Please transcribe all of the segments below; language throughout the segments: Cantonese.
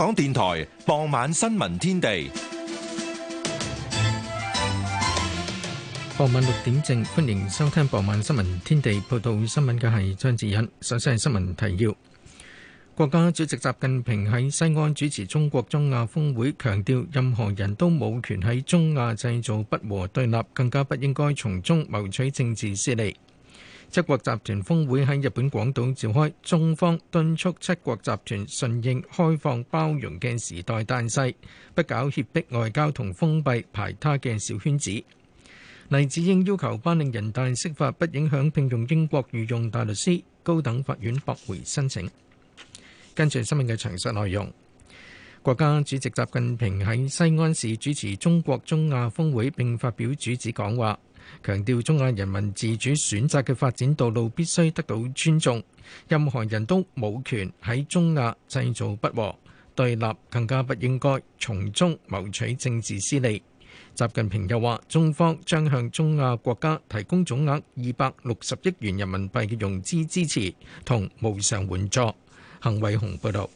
香港電台傍晚新聞天地，傍晚六點正歡迎收聽傍晚新聞天地。報道新聞嘅係張志欣，首先係新聞提要。國家主席習近平喺西安主持中國中亞峰會，強調任何人都冇權喺中亞製造不和對立，更加不應該從中謀取政治私利。七國集團峰會喺日本廣島召開，中方敦促七國集團順應開放包容嘅時代大勢，不搞脅迫外交同封閉排他嘅小圈子。黎智英要求頒令人大釋法不影響聘用英國御用大律師，高等法院駁回申請。跟住新聞嘅詳細內容，國家主席習近平喺西安市主持中國中亞峰會並發表主旨講話。強調中亞人民自主選擇嘅發展道路必須得到尊重，任何人都冇權喺中亞製造不和對立，更加不應該從中謀取政治私利。習近平又話，中方將向中亞國家提供總額二百六十億元人民幣嘅融資支持同無償援助。彭偉雄報導。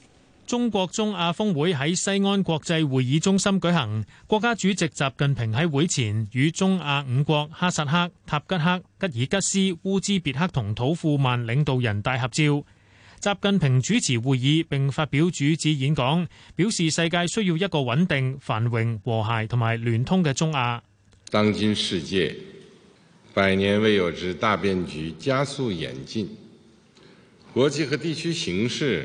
中國中亞峰會喺西安國際會議中心舉行，國家主席習近平喺會前與中亞五國哈薩克、塔吉克、吉爾吉斯、烏茲別克同土庫曼領導人大合照。習近平主持會議並發表主旨演講，表示世界需要一個穩定、繁榮、和諧同埋聯通嘅中亞。當今世界百年未有之大變局加速演進，國際和地區形勢。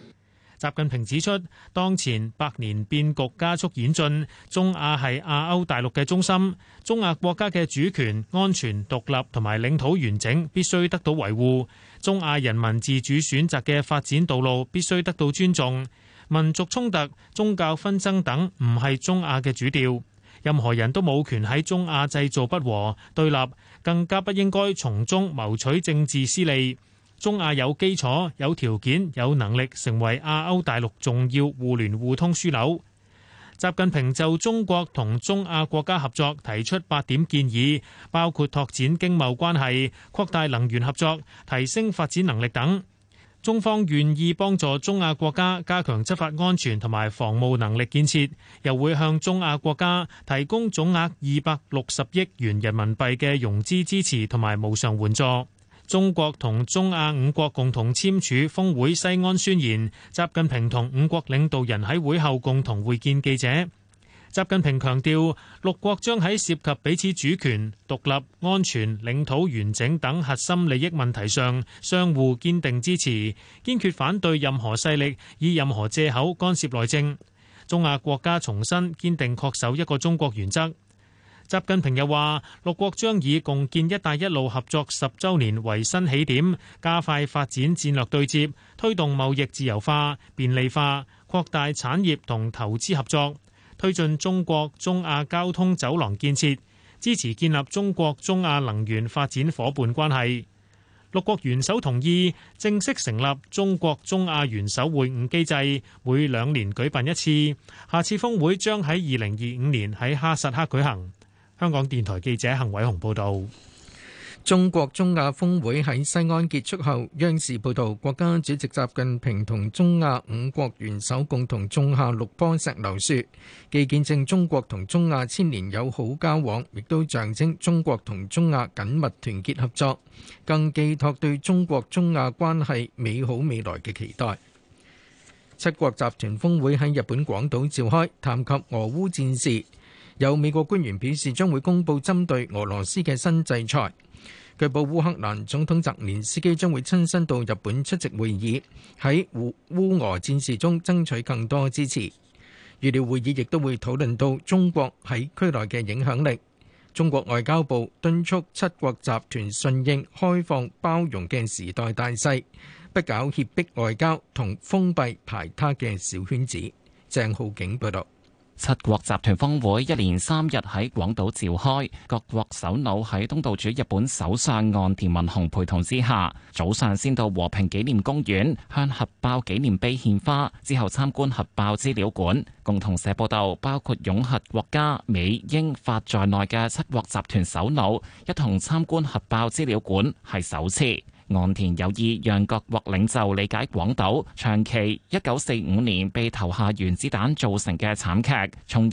習近平指出，當前百年變局加速演進，中亞係亞歐大陸嘅中心，中亞國家嘅主權、安全、獨立同埋領土完整必須得到維護，中亞人民自主選擇嘅發展道路必須得到尊重，民族衝突、宗教紛爭等唔係中亞嘅主調，任何人都冇權喺中亞製造不和、對立，更加不應該從中謀取政治私利。中亞有基礎、有條件、有能力成為亞歐大陸重要互聯互通樞紐。習近平就中國同中亞國家合作提出八點建議，包括拓展經貿關係、擴大能源合作、提升發展能力等。中方願意幫助中亞國家加強執法安全同埋防務能力建設，又會向中亞國家提供總額二百六十億元人民幣嘅融資支持同埋無償援助。中國同中亞五國共同簽署《峰會西安宣言》，習近平同五國領導人喺會後共同會見記者。習近平強調，六國將喺涉及彼此主權、獨立、安全、領土完整等核心利益問題上相互堅定支持，堅決反對任何勢力以任何借口干涉內政。中亞國家重申堅定恪守一個中國原則。習近平又話，六國將以共建「一帶一路」合作十週年為新起點，加快發展戰略對接，推動貿易自由化、便利化，擴大產業同投資合作，推進中國中亞交通走廊建設，支持建立中國中亞能源發展伙伴關係。六國元首同意正式成立中國中亞元首會晤機制，每兩年舉辦一次。下次峰會將喺二零二五年喺哈薩克舉行。香港電台記者邢偉雄報道，中國中亞峰會喺西安結束後，央視報道，國家主席習近平同中亞五國元首共同種下六棵石榴樹，既見證中國同中亞千年友好交往，亦都象徵中國同中亞緊密團結合作，更寄托對中國中亞關係美好未來嘅期待。七國集團峰會喺日本廣島召開，談及俄烏戰事。有美國官員表示將會公佈針對俄羅斯嘅新制裁。據報烏克蘭總統澤連斯基將會親身到日本出席會議，喺烏烏俄戰事中爭取更多支持。預料會議亦都會討論到中國喺區內嘅影響力。中國外交部敦促七國集團順應開放包容嘅時代大勢，不搞脅迫外交同封閉排他嘅小圈子。鄭浩景報導。七國集團峰會一連三日喺廣島召開，各國首腦喺東道主日本首相岸田文雄陪同之下，早上先到和平紀念公園，向核爆紀念碑獻花，之後參觀核爆資料館。共同社報道，包括擁核國家美、英、法在內嘅七國集團首腦一同參觀核爆資料館係首次。岸田有意讓各國領袖理解廣島長崎一九四五年被投下原子彈造成嘅慘劇，從而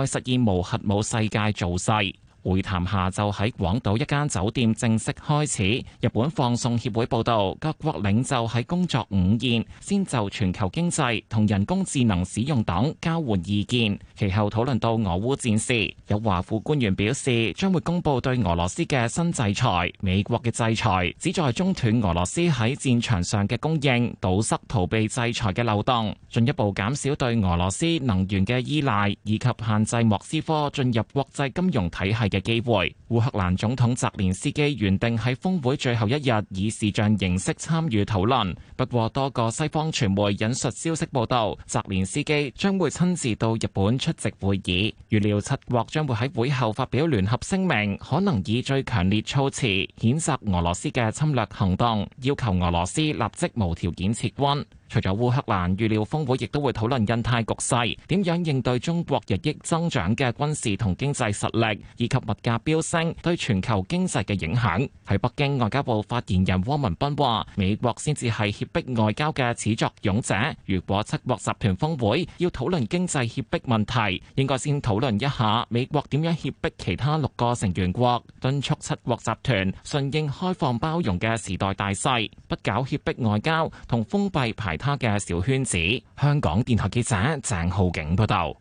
為實現無核武世界造勢。會談下晝喺廣島一間酒店正式開始。日本放送協會報道，各國領袖喺工作午宴先就全球經濟同人工智能使用等交換意見，其後討論到俄烏戰事。有華府官員表示，將會公布對俄羅斯嘅新制裁，美國嘅制裁旨在中斷俄羅斯喺戰場上嘅供應，堵塞逃避制裁嘅漏洞，進一步減少對俄羅斯能源嘅依賴，以及限制莫斯科進入國際金融體系嘅機會。烏克蘭總統澤連斯基原定喺峰會最後一日以視像形式參與討論，不過多個西方傳媒引述消息報道，澤連斯基將會親自到日本出席會議，預料七國將會喺會後發表聯合聲明，可能以最強烈措辭譴責俄羅斯嘅侵略行動，要求俄羅斯立即無條件撤軍。除咗烏克蘭，預料峰會亦都會討論印太局勢，點樣應對中國日益增長嘅軍事同經濟實力，以及物價飆升對全球經濟嘅影響。喺北京外交部發言人汪文斌話，美國先至係脅迫外交嘅始作俑者。如果七國集團峰會要討論經濟脅迫問題，應該先討論一下美國點樣脅迫其他六個成員國，敦促七國集團順應開放包容嘅時代大勢，不搞脅迫外交同封閉排他嘅小圈子。香港電台記者鄭浩景報道，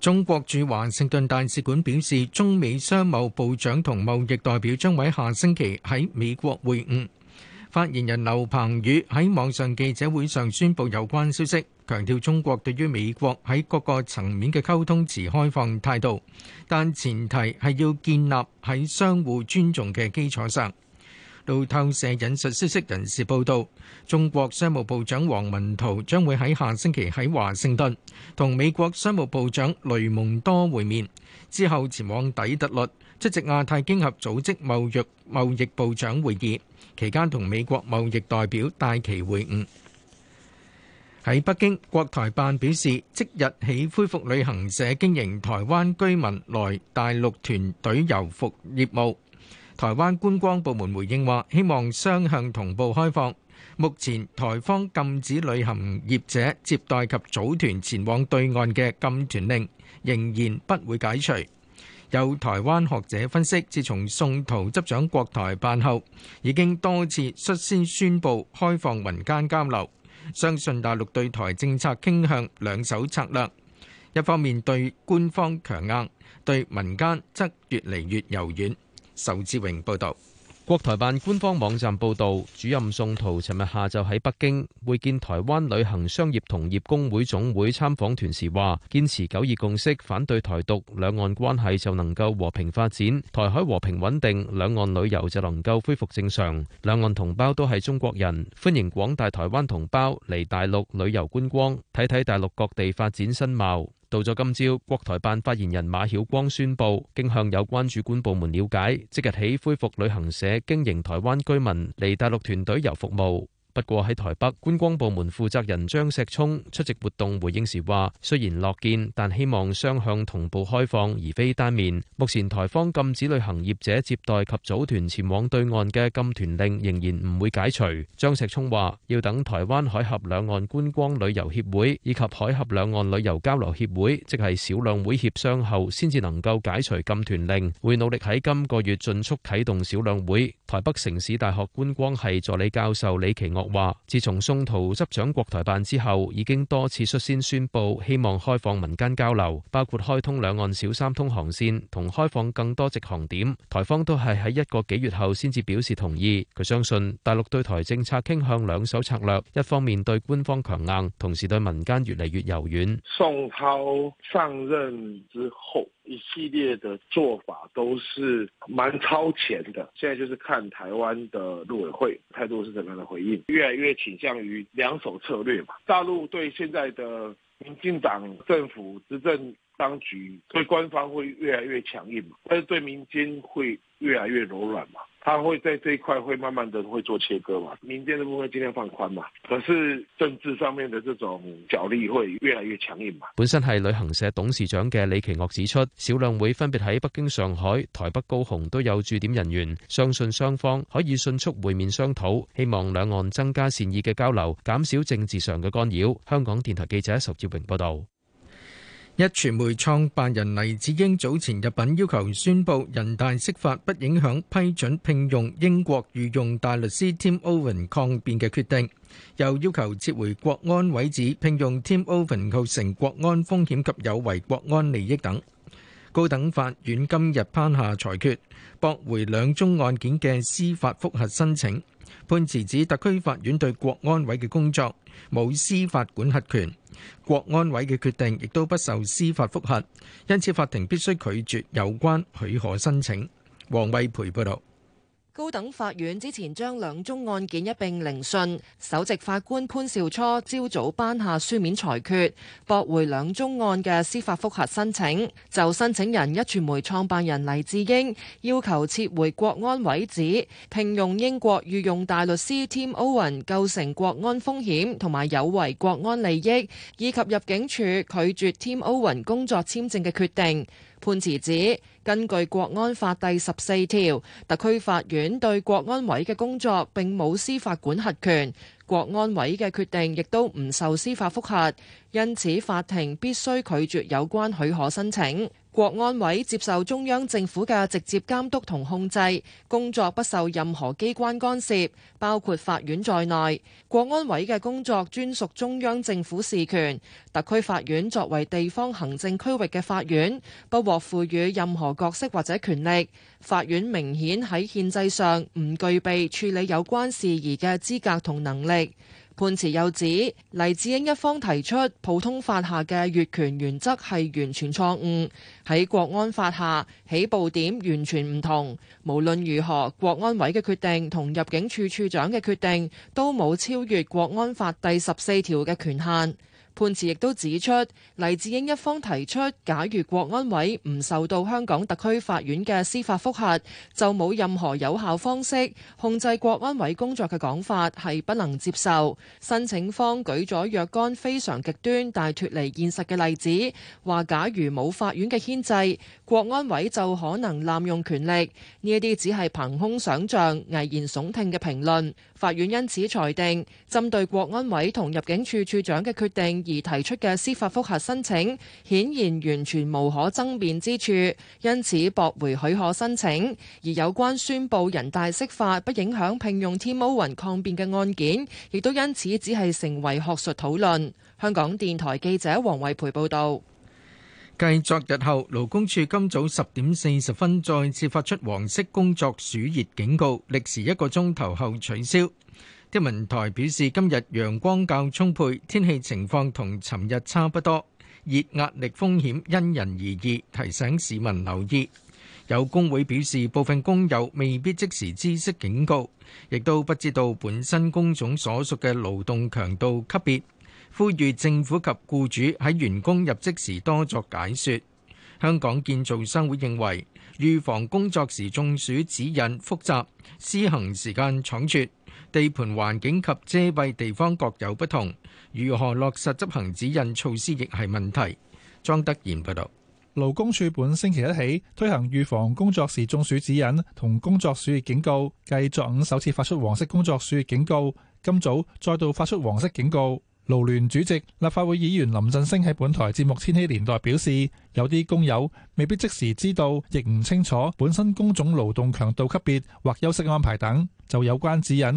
中國駐華盛頓大使館表示，中美商貿部長同貿易代表將會下星期喺美國會晤。發言人劉鵬宇喺網上記者會上宣布有關消息，強調中國對於美國喺各個層面嘅溝通持開放態度，但前提係要建立喺相互尊重嘅基礎上。路透社引述消息人士報道，中國商務部長王文濤將會喺下星期喺華盛頓同美國商務部長雷蒙多會面，之後前往底特律出席亞太經合組織貿易貿易部長會議，期間同美國貿易代表戴琪會晤。喺北京，國台辦表示，即日起恢復旅行社經營台灣居民來大陸團隊遊服務業務。台灣觀光部門回應話：希望雙向同步開放。目前台方禁止旅行業者接待及組團前往對岸嘅禁團令仍然不會解除。有台灣學者分析，自從宋濤執掌國台辦後，已經多次率先宣布開放民間交流，相信大陸對台政策傾向兩手策略，一方面對官方強硬，對民間則越嚟越柔軟。仇志榮報道，國台辦官方網站報道，主任宋濤尋日下晝喺北京會見台灣旅行商業同業工會總會參訪團時話，堅持九二共識，反對台獨，兩岸關係就能夠和平發展，台海和平穩定，兩岸旅遊就能夠恢復正常，兩岸同胞都係中國人，歡迎廣大台灣同胞嚟大陸旅遊觀光，睇睇大陸各地發展新貌。到咗今朝，國台辦發言人馬曉光宣布，經向有關主管部門了解，即日起恢復旅行社經營台灣居民嚟大陸團隊遊服務。不過喺台北觀光部門負責人張石聰出席活動回應時話：雖然樂見，但希望雙向同步開放，而非單面。目前台方禁止旅行業者接待及組團前往對岸嘅禁團令仍然唔會解除。張石聰話：要等台灣海峽兩岸觀光旅遊協會以及海峽兩岸旅遊交流協會，即係小兩會協商後，先至能夠解除禁團令。會努力喺今個月盡速啟動小兩會。台北城市大學觀光系助理教授李奇。話：自從宋濤執掌國台辦之後，已經多次率先宣布希望開放民間交流，包括開通兩岸小三通航線同開放更多直航點。台方都係喺一個幾月後先至表示同意。佢相信大陸對台政策傾向兩手策略，一方面對官方強硬，同時對民間越嚟越柔軟。宋濤上任一系列的做法都是蠻超前的，現在就是看台灣的陸委會態度是怎麼樣的回應，越來越傾向於兩手策略嘛。大陸對現在的民進黨政府執政當局，對官方會越來越強硬嘛，但是對民間會。越來越柔軟嘛，他會在這一塊會慢慢的會做切割嘛，民間的部分盡量放寬嘛，可是政治上面的這種角力會越來越強硬嘛。本身係旅行社董事長嘅李奇岳指出，小兩會分別喺北京、上海、台北高雄都有駐點人員，相信雙方可以迅速會面商討，希望兩岸增加善意嘅交流，減少政治上嘅干擾。香港電台記者仇志榮報導。一傳媒創辦人黎智英早前入稟要求宣布人大釋法不影響批准聘用英國御用大律師 Tim Owen 抗辯嘅決定，又要求撤回國安委指聘用 Tim Owen 構成國安風險及有違國安利益等。高等法院今日頒下裁決，駁回兩宗案件嘅司法覆核申請。判詞指特區法院對國安委嘅工作冇司法管轄權，國安委嘅決定亦都不受司法覆核，因此法庭必須拒絕有關許可申請。王惠培報導。高等法院之前將兩宗案件一併聆訊，首席法官潘兆初朝早頒下書面裁決，駁回兩宗案嘅司法覆核申請，就申請人一傳媒創辦人黎智英要求撤回國安委指聘用英國御用大律師 Tim Owen 構成國安風險同埋有違國安利益，以及入境處拒絕 Tim Owen 工作簽證嘅決定。判詞指，根據《國安法》第十四條，特區法院對國安委嘅工作並冇司法管轄權，國安委嘅決定亦都唔受司法複核，因此法庭必須拒絕有關許可申請。國安委接受中央政府嘅直接監督同控制，工作不受任何機關干涉，包括法院在內。國安委嘅工作專屬中央政府事權，特區法院作為地方行政區域嘅法院，不獲賦予任何角色或者權力。法院明顯喺憲制上唔具備處理有關事宜嘅資格同能力。判詞又指，黎智英一方提出普通法下嘅越權原則係完全錯誤，喺國安法下起步點完全唔同。無論如何，國安委嘅決定同入境處處長嘅決定都冇超越國安法第十四條嘅權限。判詞亦都指出，黎智英一方提出假如國安委唔受到香港特區法院嘅司法覆核，就冇任何有效方式控制國安委工作嘅講法係不能接受。申請方舉咗若干非常極端但脫離現實嘅例子，話假如冇法院嘅牽制，國安委就可能濫用權力。呢一啲只係憑空想像、危言聳聽嘅評論。法院因此裁定，針對國安委同入境處處長嘅決定，而提出嘅司法覆核申請，顯然完全無可爭辯之處，因此駁回許可申請。而有關宣布人大釋法不影響聘用 Tim Owen 抗辯嘅案件，亦都因此只係成為學術討論。香港電台記者黃惠培報道。繼昨日後，勞工處今早十點四十分再次發出黃色工作暑熱警告，歷時一個鐘頭後取消。天文台表示，今日陽光較充沛，天氣情況同尋日差不多。熱壓力風險因人而異，提醒市民留意。有工會表示，部分工友未必即時知悉警告，亦都不知道本身工種所屬嘅勞動強度級別，呼籲政府及僱主喺員工入職時多作解說。香港建造商會認為，預防工作時中暑指引複雜，施行時間倉促。地盤環境及遮蔽地方各有不同，如何落實執行指引措施亦係問題。莊德賢報導，勞工處本星期一起推行預防工作時中暑指引同工作暑熱警告，繼昨午首次發出黃色工作暑熱警告，今早再度發出黃色警告。勞聯主席立法會議員林振升喺本台節目《千禧年代》表示，有啲工友未必即時知道，亦唔清楚本身工種勞動強度級別或休息安排等。就有關指引，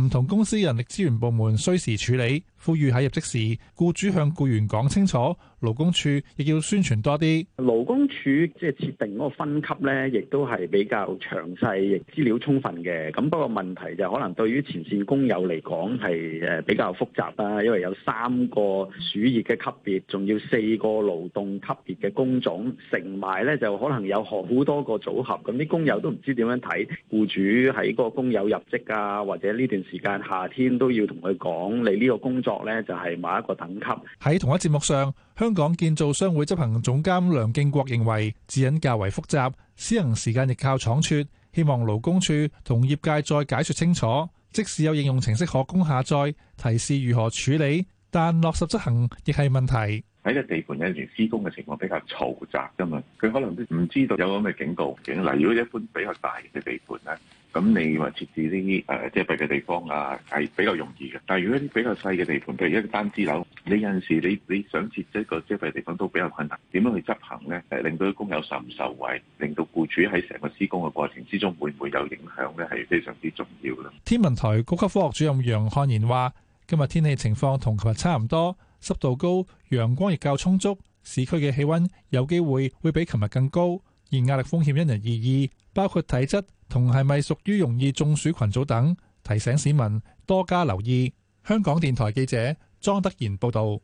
唔同公司人力資源部門需時處理。呼籲喺入職時，僱主向僱員講清楚。勞工處亦要宣傳多啲。勞工處即係設定嗰個分級呢，亦都係比較詳細，亦資料充分嘅。咁不過問題就可能對於前綫工友嚟講係誒比較複雜啦，因為有三個暑熱嘅級別，仲要四個勞動級別嘅工種，成埋呢就可能有好多個組合。咁啲工友都唔知點樣睇。僱主喺個工友入職啊，或者呢段時間夏天都要同佢講，你呢個工作。作呢就係某一個等級，喺同一節目上，香港建造商會執行總監梁敬國認為指引較為複雜，施行時間亦靠倉促，希望勞工處同業界再解說清楚。即使有應用程式可供下載提示如何處理，但落實執行亦係問題。喺個地盤有陣時施工嘅情況比較嘈雜噶嘛，佢可能都唔知道有咁嘅警告警。嗱，如果一般比較大嘅地盤咧，咁你話設置呢啲誒遮蔽嘅地方啊，係比較容易嘅。但係如果啲比較細嘅地盤，譬如一個單支樓，你有陣時你你想設置一個遮蔽嘅地方都比較困難。點樣去執行咧？誒，令到工友受唔受惠，令到僱主喺成個施工嘅過程之中會唔會有影響咧？係非常之重要咯。天文台高級科學主任楊漢賢話，今日天氣情況同琴日差唔多。濕度高，陽光亦較充足，市區嘅氣溫有機會會比琴日更高，而壓力風險因人而異，包括體質同係咪屬於容易中暑群組等，提醒市民多加留意。香港電台記者莊德賢報導，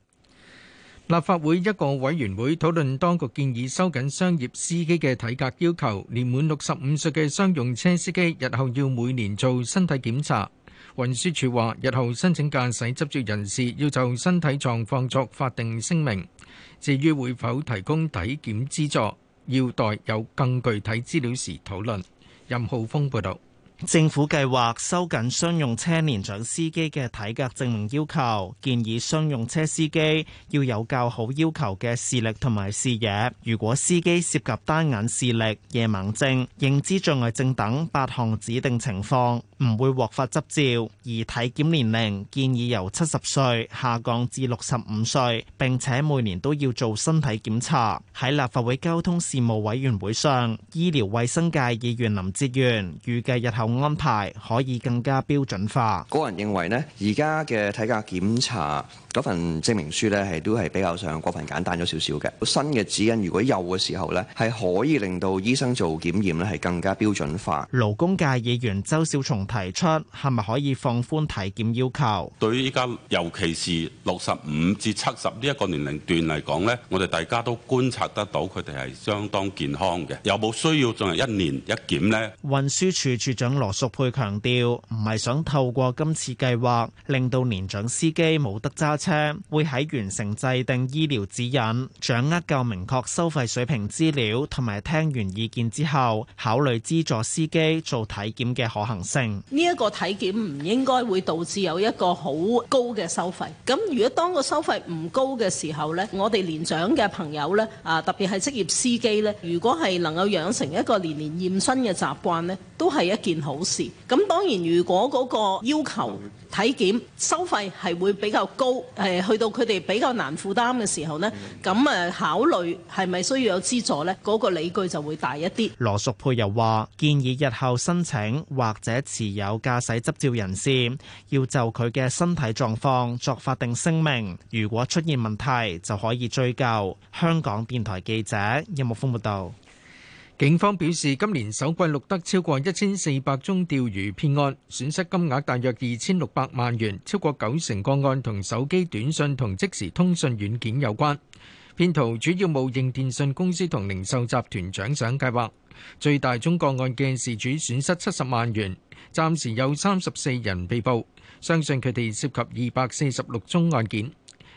立法會一個委員會討論當局建議收緊商業司機嘅體格要求，年滿六十五歲嘅商用車司機日後要每年做身體檢查。運輸署話，日後申請駕駛執照人士要就身體狀況作法定聲明。至於會否提供體檢資助，要待有更具體資料時討論。任浩峰報導。政府計劃收緊商用車年長司機嘅體格證明要求，建議商用車司機要有較好要求嘅視力同埋視野。如果司機涉及單眼視力、夜盲症、認知障礙症等八項指定情況，唔會獲發執照。而體檢年齡建議由七十歲下降至六十五歲，並且每年都要做身體檢查。喺立法會交通事務委員會上，醫療衛生界議員林哲玄預計日後。安排可以更加標準化。個人認為呢，而家嘅體格檢查嗰份證明書呢，係都係比較上過分簡單咗少少嘅。新嘅指引，如果有嘅時候呢，係可以令到醫生做檢驗呢，係更加標準化。勞工界議員周小松提出，係咪可以放寬體檢要求？對於依家，尤其是六十五至七十呢一個年齡段嚟講呢，我哋大家都觀察得到佢哋係相當健康嘅，有冇需要進行一年一檢呢？運輸處處長。羅淑佩強調，唔係想透過今次計劃令到年長司機冇得揸車，會喺完成制定醫療指引，掌握夠明確收費水平資料同埋聽完意見之後，考慮資助司機做體檢嘅可行性。呢一個體檢唔應該會導致有一個好高嘅收費。咁如果當個收費唔高嘅時候呢，我哋年長嘅朋友呢，啊，特別係職業司機呢，如果係能夠養成一個年年驗身嘅習慣呢，都係一件好事，咁當然，如果嗰個要求體檢收費係會比較高，誒去到佢哋比較難負擔嘅時候呢，咁誒考慮係咪需要有資助呢？嗰個理據就會大一啲。羅淑佩又話：建議日後申請或者持有駕駛執照人士，要就佢嘅身體狀況作法定聲明，如果出現問題就可以追究。香港電台記者任木風報道。警方表示今年首季錄得超過一千四百宗釣魚騙案，損失金額大約二千六百萬元，超過九成個案同手機短信同即時通訊軟件有關。騙徒主要冒認電訊公司同零售集團獎賞計劃，最大宗個案嘅事主損失七十萬元，暫時有三十四人被捕，相信佢哋涉及二百四十六宗案件。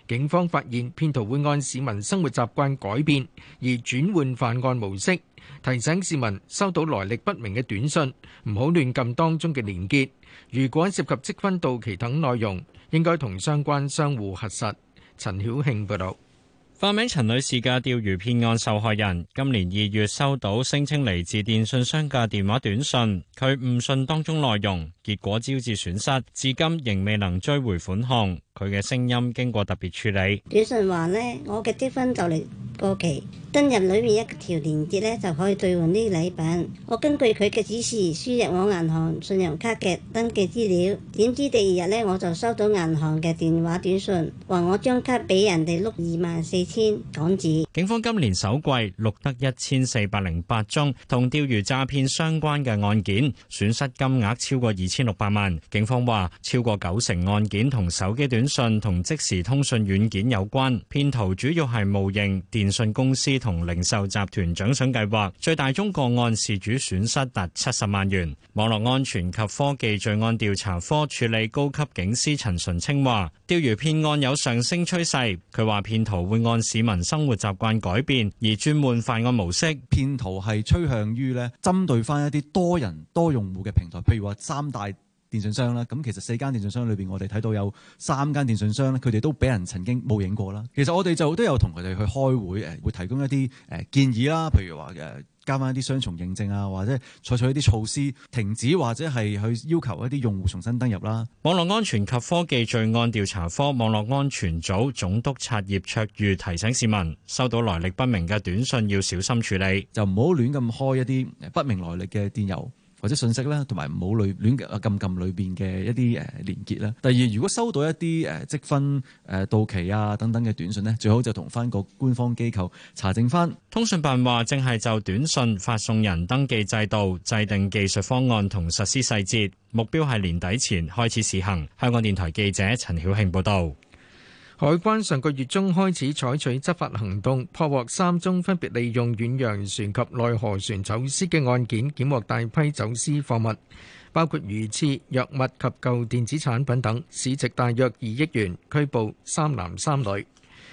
警方發現騙徒會按市民生活習慣改變而轉換犯案模式。提醒市民收到來歷不明嘅短信，唔好亂撳當中嘅連結。如果涉及積分到期等內容，應該同相關商戶核實。陳曉慶報道：「化名陳女士嘅釣魚騙案受害人，今年二月收到聲稱嚟自電信商嘅電話短信，佢誤信當中內容。結果招致損失，至今仍未能追回款項。佢嘅聲音經過特別處理。短信話呢，我嘅積分就嚟過期，登入裏面一條鏈接呢就可以兌換啲禮品。我根據佢嘅指示輸入我銀行信用卡嘅登記資料，點知第二日呢我就收到銀行嘅電話短信，話我張卡俾人哋碌二萬四千港紙。警方今年首季錄得一千四百零八宗同釣魚詐騙相關嘅案件，損失金額超過二千。千六百萬，警方話超過九成案件同手機短信同即時通訊軟件有關，騙徒主要係冒認電信公司同零售集團獎賞計劃，最大宗個案事主損失達七十萬元。網絡安全及科技罪案調查科處理高級警司陳純清話，釣魚騙案有上升趨勢。佢話騙徒會按市民生活習慣改變而轉換犯案模式，騙徒係趨向於呢針對翻一啲多人多用戶嘅平台，譬如話三大。電信商啦，咁其實四間電信商裏邊，我哋睇到有三間電信商咧，佢哋都俾人曾經冒認過啦。其實我哋就都有同佢哋去開會，誒會提供一啲誒建議啦，譬如話誒加翻一啲雙重認證啊，或者採取一啲措施停止或者係去要求一啲用戶重新登入啦。網絡安全及科技罪案調查科網絡安全組總督察葉卓裕提醒市民，收到來歷不明嘅短信要小心處理，就唔好亂咁開一啲不明來歷嘅電郵。或者信息啦，同埋唔好亂亂撳撳裏邊嘅一啲誒連結啦。第二，如果收到一啲誒積分誒、呃、到期啊等等嘅短信呢，最好就同翻個官方機構查證翻。通訊辦話正係就短信發送人登記制度制定技術方案同實施細節，目標係年底前開始試行。香港電台記者陳曉慶報道。海關上個月中開始採取執法行動，破獲三宗分別利用遠洋船及內河船走私嘅案件，檢獲大批走私貨物，包括魚翅、藥物及舊電子產品等，市值大約二億元，拘捕三男三女。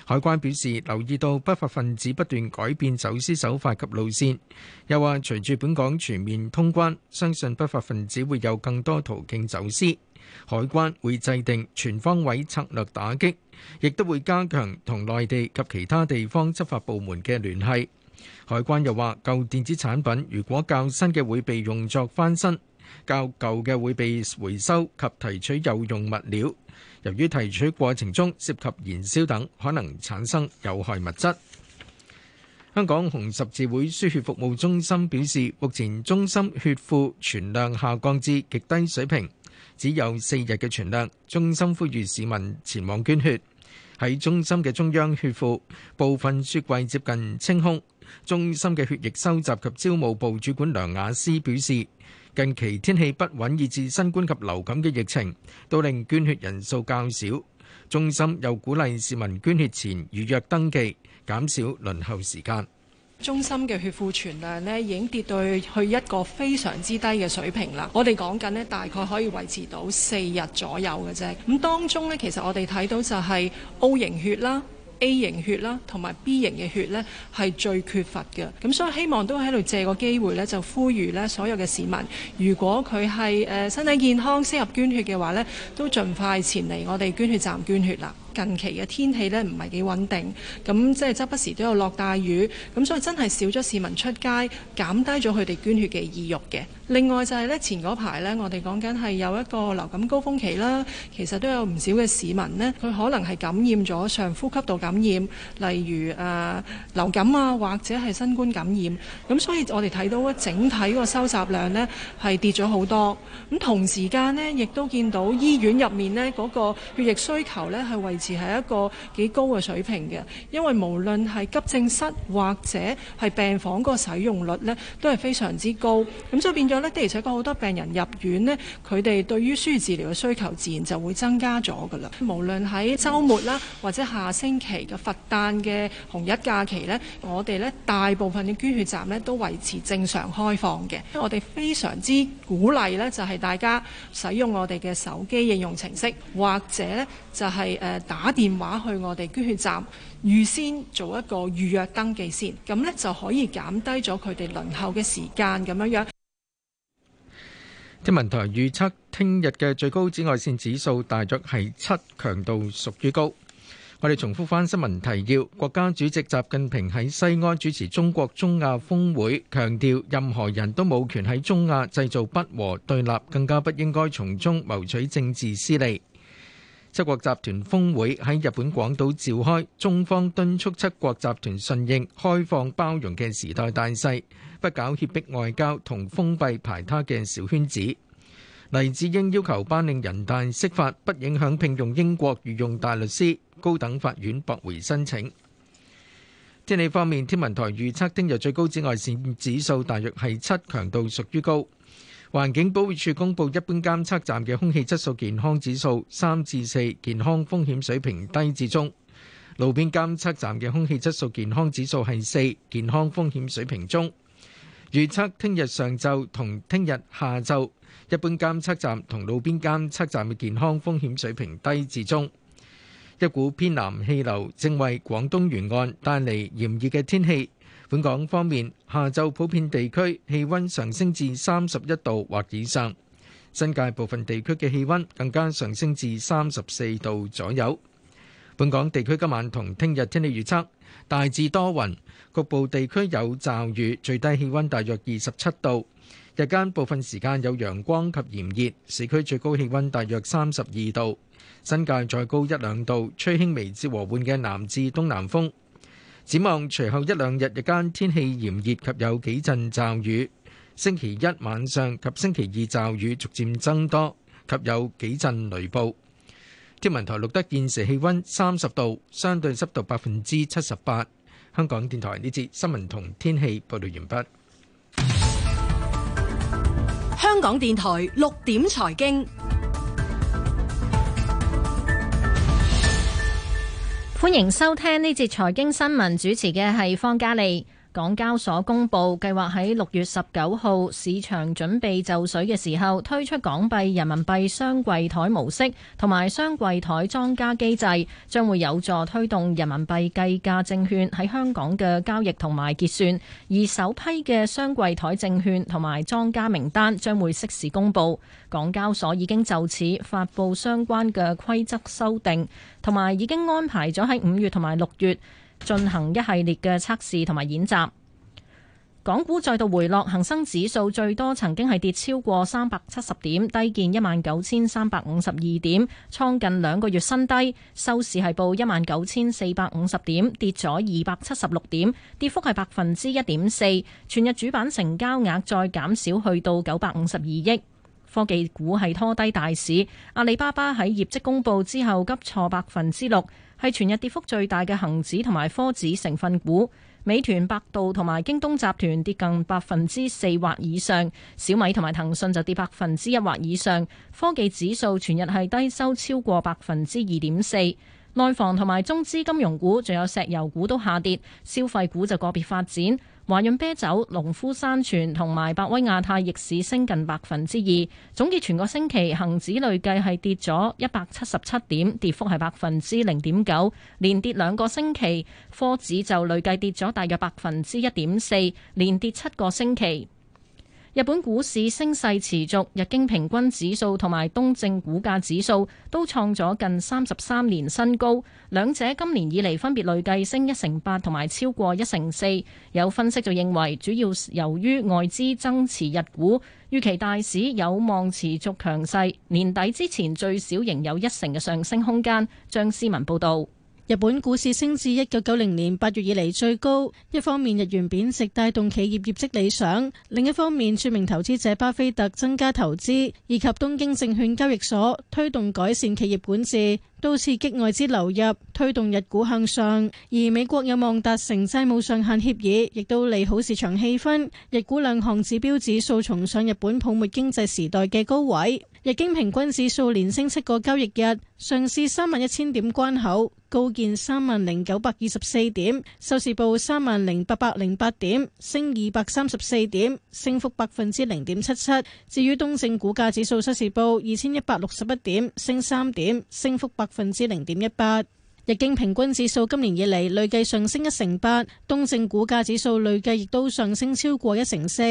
海關表示留意到不法分子不斷改變走私手法及路線，又話隨住本港全面通關，相信不法分子會有更多途徑走私。海關會制定全方位策略打擊，亦都會加強同內地及其他地方執法部門嘅聯繫。海關又話舊電子產品如果較新嘅會被用作翻新，較舊嘅會被回收及提取有用物料。由於提取過程中涉及燃燒等，可能產生有害物質。香港紅十字會輸血服務中心表示，目前中心血庫存量下降至極低水平，只有四日嘅存量。中心呼籲市民前往捐血。喺中心嘅中央血庫，部分雪櫃接近清空。中心嘅血液收集及招募部主管梁雅詩表示。近期天氣不穩，以至新冠及流感嘅疫情都令捐血人數較少。中心又鼓勵市民捐血前預約登記，減少輪候時間。中心嘅血庫存量呢，已經跌到去一個非常之低嘅水平啦。我哋講緊呢，大概可以維持到四日左右嘅啫。咁當中呢，其實我哋睇到就係 O 型血啦。A 型血啦，同埋 B 型嘅血咧，係最缺乏嘅。咁所以希望都喺度借個機會咧，就呼籲咧所有嘅市民，如果佢係誒身體健康適合捐血嘅話咧，都盡快前嚟我哋捐血站捐血啦。近期嘅天氣呢唔係幾穩定，咁即係則不時都有落大雨，咁所以真係少咗市民出街，減低咗佢哋捐血嘅意欲嘅。另外就係呢前嗰排呢，我哋講緊係有一個流感高峰期啦，其實都有唔少嘅市民呢，佢可能係感染咗上呼吸道感染，例如誒、呃、流感啊，或者係新冠感染，咁所以我哋睇到一整體個收集量呢係跌咗好多。咁同時間呢亦都見到醫院入面呢嗰、嗰個血液需求呢係為。係一個幾高嘅水平嘅，因為無論係急症室或者係病房嗰個使用率呢，都係非常之高。咁所以變咗呢，的而且確好多病人入院呢，佢哋對於輸液治療嘅需求自然就會增加咗㗎啦。無論喺週末啦，或者下星期嘅佛誕嘅紅日假期呢，我哋呢大部分嘅捐血站呢都維持正常開放嘅。我哋非常之鼓勵呢，就係大家使用我哋嘅手機應用程式，或者呢就係、是、誒。呃打電話去我哋捐血站，預先做一個預約登記先，咁呢就可以減低咗佢哋輪候嘅時間咁樣樣。天文台預測，聽日嘅最高紫外線指數大約係七，強度屬於高。我哋重複翻新聞提要：國家主席習近平喺西安主持中國中亞峰會，強調任何人都冇權喺中亞製造不和對立，更加不應該從中謀取政治私利。七國集團峰會喺日本廣島召開，中方敦促七國集團順應開放包容嘅時代大勢，不搞脅迫外交同封閉排他嘅小圈子。黎智英要求頒令人大釋法，不影響聘用英國御用大律師，高等法院駁回申請。天氣方面，天文台預測聽日最高紫外線指數大約係七，強度屬於高。環境保育署公布一般監測站嘅空氣質素健康指數三至四，健康風險水平低至中；路邊監測站嘅空氣質素健康指數係四，健康風險水平中。預測聽日上晝同聽日下晝，一般監測站同路邊監測站嘅健康風險水平低至中。一股偏南氣流正為廣東沿岸帶嚟炎熱嘅天氣。本港方面，下晝普遍地區氣溫上升至三十一度或以上，新界部分地區嘅氣溫更加上升至三十四度左右。本港地區今晚同聽日天氣預測大致多雲，局部地區有驟雨，最低氣溫大約二十七度。日間部分時間有陽光及炎熱，市區最高氣溫大約三十二度，新界再高一兩度，吹輕微至和緩嘅南至東南風。展望隨後一兩日日間天氣炎熱及有幾陣驟雨，星期一晚上及星期二驟雨逐漸增多及有幾陣雷暴。天文台錄得現時氣溫三十度，相對濕度百分之七十八。香港電台呢節新聞同天氣報道完畢。香港電台六點財經。歡迎收聽呢節財經新聞，主持嘅係方嘉利。港交所公布計劃喺六月十九號，市場準備就緒嘅時候，推出港幣人民幣雙櫃台模式同埋雙櫃台莊家機制，將會有助推動人民幣計價證券喺香港嘅交易同埋結算。而首批嘅雙櫃台證券同埋莊家名單將會適時公布。港交所已經就此發布相關嘅規則修訂，同埋已經安排咗喺五月同埋六月。進行一系列嘅測試同埋演習。港股再度回落，恒生指數最多曾經係跌超過三百七十點，低見一萬九千三百五十二點，創近兩個月新低。收市係報一萬九千四百五十點，跌咗二百七十六點，跌幅係百分之一點四。全日主板成交額再減少去到九百五十二億。科技股係拖低大市，阿里巴巴喺業績公布之後急挫百分之六。係全日跌幅最大嘅恒指同埋科指成分股，美團、百度同埋京東集團跌近百分之四或以上，小米同埋騰訊就跌百分之一或以上。科技指數全日係低收超過百分之二點四，內房同埋中資金融股，仲有石油股都下跌，消費股就個別發展。華潤啤酒、農夫山泉同埋百威亞太逆市升近百分之二。總結全個星期，恒指累計係跌咗一百七十七點，跌幅係百分之零點九，連跌兩個星期。科指就累計跌咗大約百分之一點四，連跌七個星期。日本股市升勢持續，日經平均指數同埋東證股價指數都創咗近三十三年新高，兩者今年以嚟分別累計升一成八同埋超過一成四。有分析就認為，主要由於外資增持日股，預期大市有望持續強勢，年底之前最少仍有一成嘅上升空間。張思文報導。日本股市升至一九九零年八月以嚟最高。一方面日元貶值帶動企業業績理想，另一方面著名投資者巴菲特增加投資，以及東京證券交易所推動改善企業管治，都刺激外資流入，推動日股向上。而美國有望達成債務上限協議，亦都利好市場氣氛。日股兩項指標指數重上日本泡沫經濟時代嘅高位，日經平均指數連升七個交易日，上市三萬一千點關口。高見三萬零九百二十四點，收市報三萬零八百零八點，升二百三十四點，升幅百分之零點七七。至於東證股價指數，收市報二千一百六十一點，升三點，升幅百分之零點一八。日經平均指數今年以嚟累計上升一成八，東證股價指數累計亦都上升超過一成四。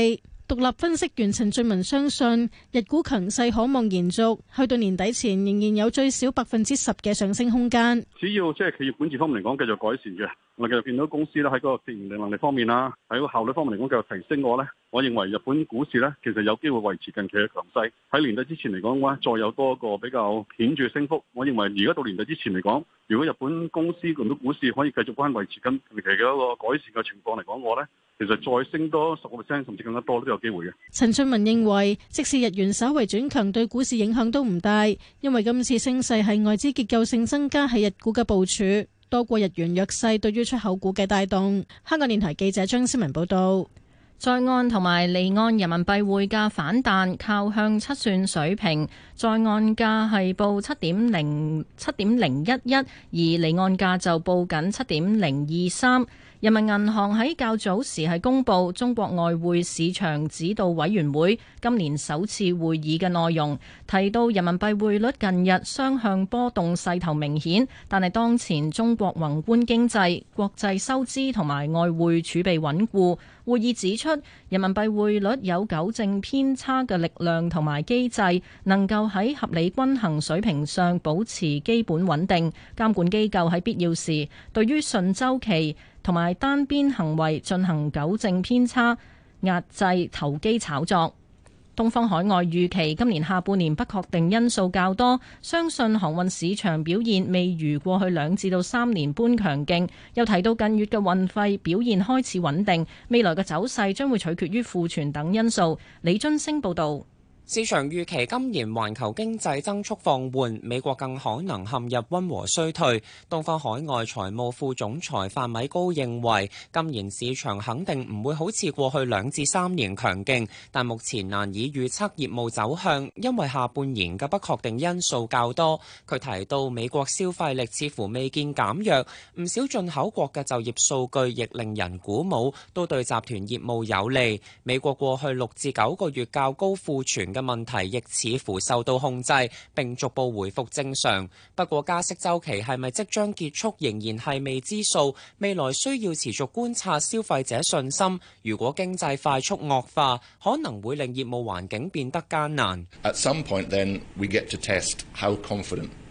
獨立分析員陳俊文相信日股強勢可望延續，去到年底前仍然有最少百分之十嘅上升空間。只要即係企業本字方面嚟講，繼續改善嘅，我哋繼續見到公司咧喺個盈利能力方面啦，喺個效率方面嚟講繼續提升嘅話咧，我認為日本股市咧其實有機會維持近期嘅強勢。喺年底之前嚟講，我再有多一個比較顯著升幅，我認為而家到年底之前嚟講，如果日本公司到股市可以繼續翻維持近期嘅一個改善嘅情況嚟講，我咧。其實再升多十個 percent 甚至更加多都有機會嘅。陳俊文認為，即使日元稍微轉強，對股市影響都唔大，因為今次升勢係外資結構性增加喺日股嘅部署，多過日元弱勢對於出口股嘅帶動。香港電台記者張思文報道，在岸同埋離岸人民幣匯價反彈，靠向七算水平，在岸價係報七點零七點零一一，11，而離岸價就報緊七點零二三。人民銀行喺較早時係公布中國外匯市場指導委員會今年首次會議嘅內容，提到人民幣匯率近日雙向波動勢頭明顯，但係當前中國宏觀經濟、國際收支同埋外匯儲備穩固。會議指出，人民幣匯率有糾正偏差嘅力量同埋機制，能夠喺合理均衡水平上保持基本穩定。監管機構喺必要時，對於順周期。同埋單邊行為進行糾正偏差、壓制投機炒作。東方海外預期今年下半年不確定因素較多，相信航運市場表現未如過去兩至到三年般強勁。又提到近月嘅運費表現開始穩定，未來嘅走勢將會取決於庫存等因素。李津升報導。市場預期今年環球經濟增速放緩，美國更可能陷入溫和衰退。東方海外財務副總裁范米高認為，今年市場肯定唔會好似過去兩至三年強勁，但目前難以預測業務走向，因為下半年嘅不確定因素較多。佢提到，美國消費力似乎未見減弱，唔少進口國嘅就業數據亦令人鼓舞，都對集團業務有利。美國過去六至九個月較高庫存。嘅問題亦似乎受到控制，並逐步回復正常。不過加息週期係咪即將結束，仍然係未知數。未來需要持續觀察消費者信心。如果經濟快速惡化，可能會令業務環境變得艱難。At some point, then we get to test how confident.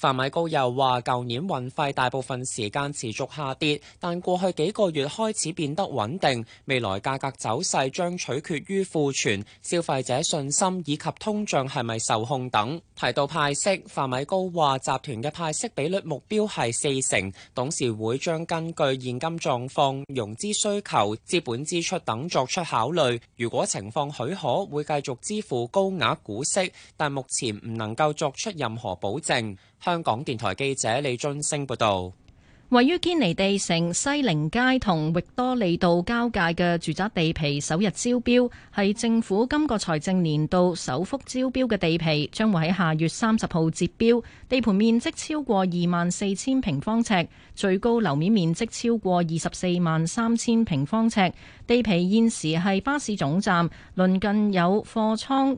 范米高又話舊年運費大部分時間持續下跌，但過去幾個月開始變得穩定。未來價格走勢將取決於庫存、消費者信心以及通脹係咪受控等。提到派息，范米高話集團嘅派息比率目標係四成，董事會將根據現金狀況、融資需求、資本支出等作出考慮，如果情況許可，會繼續支付高額股息，但目前唔能夠作出任何保證。香港電台記者李俊升報道，位於堅尼地城西寧街同域多利道交界嘅住宅地皮首日招標，係政府今個財政年度首幅招標嘅地皮，將會喺下月三十號截標。地盤面積超過二萬四千平方尺，最高樓面面積超過二十四萬三千平方尺。地皮現時係巴士總站鄰近有貨倉，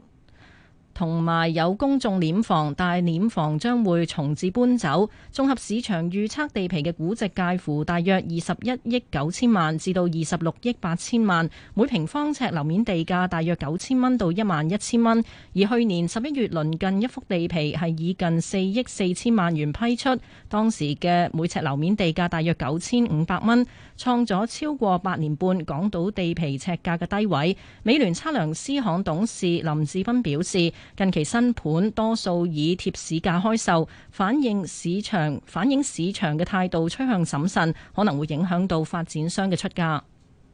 同埋有公眾殮房，但殮房將會重置搬走。綜合市場預測，地皮嘅估值介乎大約二十一億九千萬至到二十六億八千萬，每平方尺樓面地價大約九千蚊到一萬一千蚊。而去年十一月，鄰近一幅地皮係以近四億四千萬元批出，當時嘅每尺樓面地價大約九千五百蚊，創咗超過八年半港島地皮尺價嘅低位。美聯測量師行董事林志斌表示。近期新盤多數以貼市價開售，反映市場反映市場嘅態度趨向審慎，可能會影響到發展商嘅出價。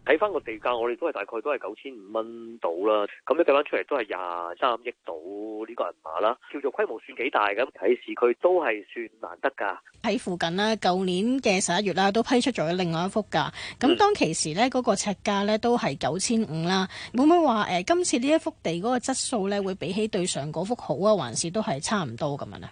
睇翻個地價，我哋都係大概都係九千五蚊到啦。咁你計翻出嚟都係廿三億到呢個銀碼啦，叫做規模算幾大咁。喺市區佢都係算難得㗎。喺附近咧，舊年嘅十一月啦，都批出咗另外一幅㗎。咁當其時咧，嗰個尺價咧都係九千五啦。會唔會話誒今次呢一幅地嗰個質素咧會比起對上嗰幅好啊？還是都係差唔多咁樣咧？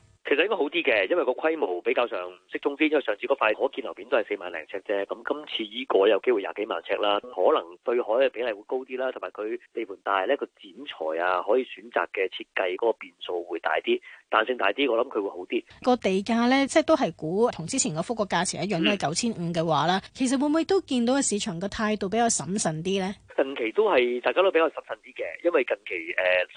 啲嘅，因為個規模比較上適中啲，因為上次嗰塊可見樓面都係四萬零尺啫，咁今次依個有機會廿幾萬尺啦，可能對海嘅比例會高啲啦，同埋佢地盤大咧，個剪裁啊，可以選擇嘅設計嗰個變數會大啲。彈性大啲，我諗佢會好啲。個地價咧，即係都係估同之前個幅個價錢一樣咧，都係九千五嘅話啦。其實會唔會都見到個市場個態度比較審慎啲咧？近期都係大家都比較審慎啲嘅，因為近期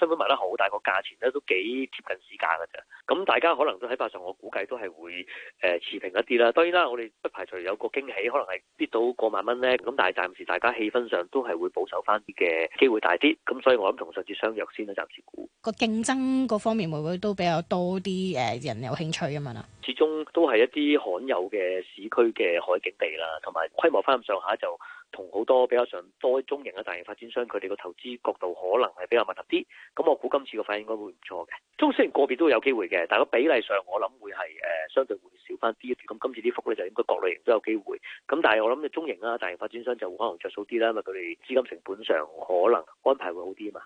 誒新盤賣得好，但係個價錢咧都幾貼近市價噶咋。咁大家可能都睇法上，我估計都係會誒持平一啲啦。當然啦，我哋不排除有個驚喜，可能係跌到過萬蚊咧。咁但係暫時大家氣氛上都係會保守翻啲嘅，機會大啲。咁所以我諗同上次相約先啦，暫時估。個競爭嗰方面會唔會都比較？多啲誒人有興趣啊嘛，始終都係一啲罕有嘅市區嘅海景地啦，同埋規模翻咁上下就同好多比較上多中型嘅大型發展商佢哋個投資角度可能係比較密集啲，咁我估今次個反應應該會唔錯嘅。中雖然個別都有機會嘅，但係個比例上我諗會係誒、呃、相對會少翻啲。咁今次啲幅咧就應該各類型都有機會。咁但係我諗你中型啊、大型發展商就可能着數啲啦，因為佢哋資金成本上可能安排會好啲啊嘛。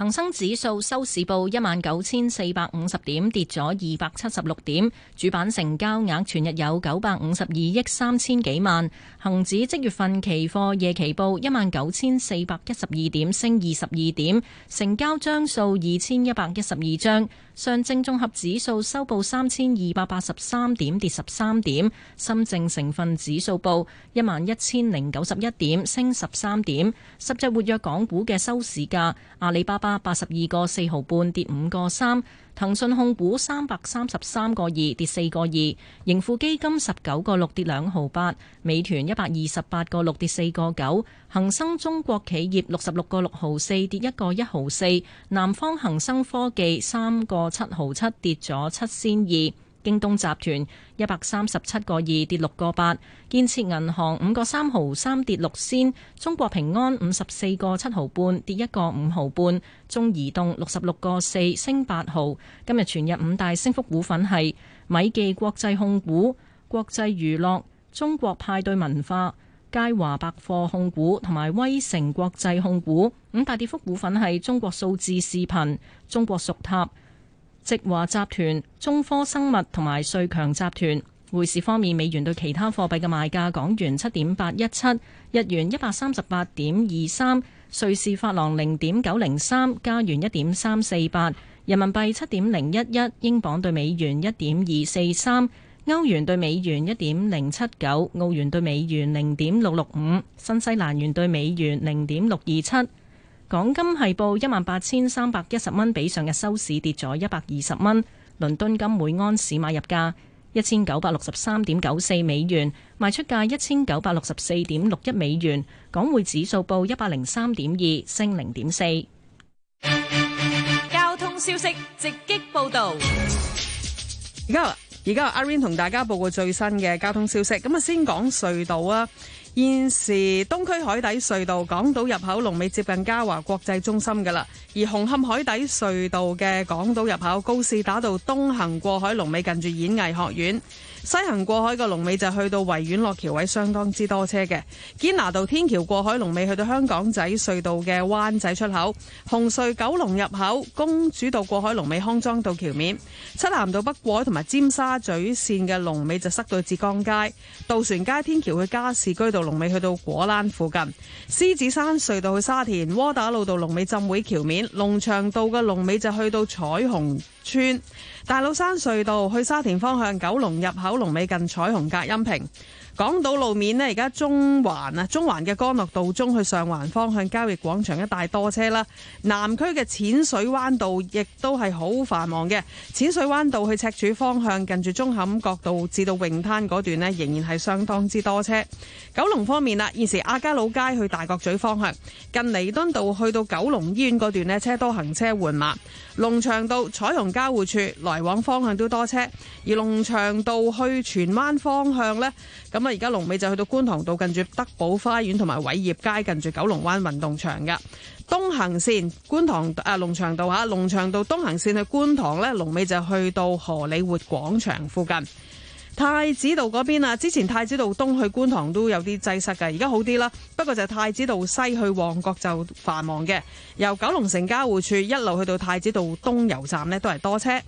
恆生指數收市報一萬九千四百五十點，跌咗二百七十六點。主板成交額全日有九百五十二億三千幾萬。恆指即月份期貨夜期報一萬九千四百一十二點，升二十二點，成交張數二千一百一十二張。上證綜合指數收報三千二百八十三點，跌十三點；深證成分指數報一萬一千零九十一點，升十三點。十隻活躍港股嘅收市價，阿里巴巴八十二個四毫半，跌五個三。騰訊控股三百三十三個二，跌四個二；盈富基金十九個六，跌兩毫八；美團一百二十八個六，跌四個九；恒生中國企業六十六個六毫四，跌一個一毫四；南方恒生科技三個七毫七，跌咗七仙二。京東集團一百三十七個二，跌六個八，建設銀行五個三毫三，跌六仙，中國平安五十四個七毫半，跌一個五毫半，中移動六十六個四升八毫。今日全日五大升幅股份係米記國際控股、國際娛樂、中國派對文化、佳華百貨控股同埋威城國際控股。五大跌幅股份係中國數字視頻、中國屬塔、直華集團、中科生物同埋瑞強集團。匯市方面，美元對其他貨幣嘅賣價：港元七點八一七，日元一百三十八點二三，瑞士法郎零點九零三，加元一點三四八，人民幣七點零一一，英鎊對美元一點二四三，歐元對美元一點零七九，澳元對美元零點六六五，新西蘭元對美元零點六二七。港金係報一萬八千三百一十蚊，比上日收市跌咗一百二十蚊。倫敦金每安士買入價一千九百六十三點九四美元，賣出價一千九百六十四點六一美元。港匯指數報一百零三點二，升零點四。交通消息直擊報道。而家，而家阿 Rain 同大家報告最新嘅交通消息。咁啊，先講隧道啊。現時東區海底隧道港島入口龍尾接近嘉華國際中心噶啦，而紅磡海底隧道嘅港島入口高士打道東行過海龍尾近住演藝學院。西行過海嘅龍尾就去到維園落橋位，相當之多車嘅堅拿道天橋過海龍尾去到香港仔隧道嘅灣仔出口，紅隧九龍入口，公主道過海龍尾康莊道橋面，漆咸道北過海同埋尖沙咀線嘅龍尾就塞到浙江街，渡船街天橋去加士居道龍尾去到果欄附近，獅子山隧道去沙田窩打老道龍尾浸會橋面，龍翔道嘅龍尾就去到彩虹。村大老山隧道去沙田方向九龍入口龍尾近彩虹隔音屏，港島路面咧，而家中環啊中環嘅干諾道中去上環方向交易廣場一帶多車啦，南區嘅淺水灣道亦都係好繁忙嘅。淺水灣道去赤柱方向近住中坎角道至到泳灘嗰段咧，仍然係相當之多車。九龍方面啦，現時亞皆老街去大角咀方向近彌敦道去到九龍醫院嗰段咧，車多行車緩慢。龍翔道彩虹交匯處來往方向都多車，而龍翔道去荃灣方向呢？咁啊而家龍尾就去到觀塘道近住德寶花園同埋偉業街近住九龍灣運動場嘅東行線，觀塘啊龍翔道吓，啊、龍翔道東行線去觀塘呢，龍尾就去到荷里活廣場附近。太子道嗰邊啊，之前太子道東去觀塘都有啲擠塞㗎，而家好啲啦。不過就係太子道西去旺角就繁忙嘅，由九龍城交匯處一路去到太子道東油站呢，都係多車。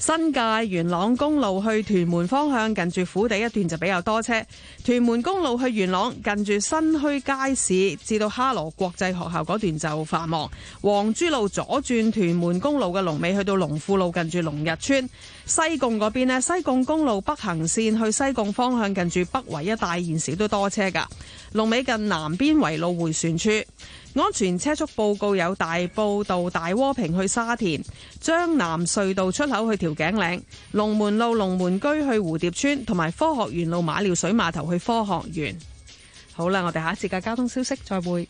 新界元朗公路去屯門方向，近住虎地一段就比較多車。屯門公路去元朗，近住新墟街市至到哈羅國際學校嗰段就繁忙。黃珠路左轉屯門公路嘅龍尾去到龍富路，近住龍日村。西貢嗰邊呢，西貢公路北行綫去西貢方向，近住北圍一帶，現時都多車噶。龍尾近南邊圍路回旋處。安全車速報告有大埔道大窩坪去沙田、將藍隧道出口去調景嶺、龍門路龍門居去蝴蝶村，同埋科學園路馬料水碼頭去科學園。好啦，我哋下一節嘅交通消息，再會。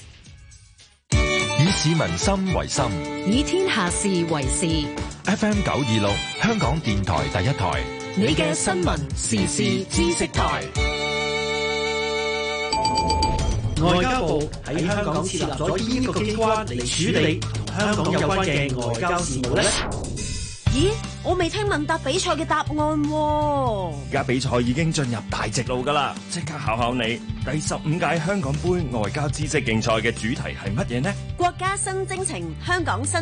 以市民心為心，以天下事為事。F M 九二六，香港電台第一台，你嘅新聞時事知識台。外交部喺香港設立咗邊個機關嚟處理同香港有關嘅外交事務咧？咦，我未聽問答比賽嘅答案喎。而家比賽已經進入大直路噶啦，即刻考考你，第十五屆香港杯外交知識競賽嘅主題係乜嘢呢？國家新征程，香港新。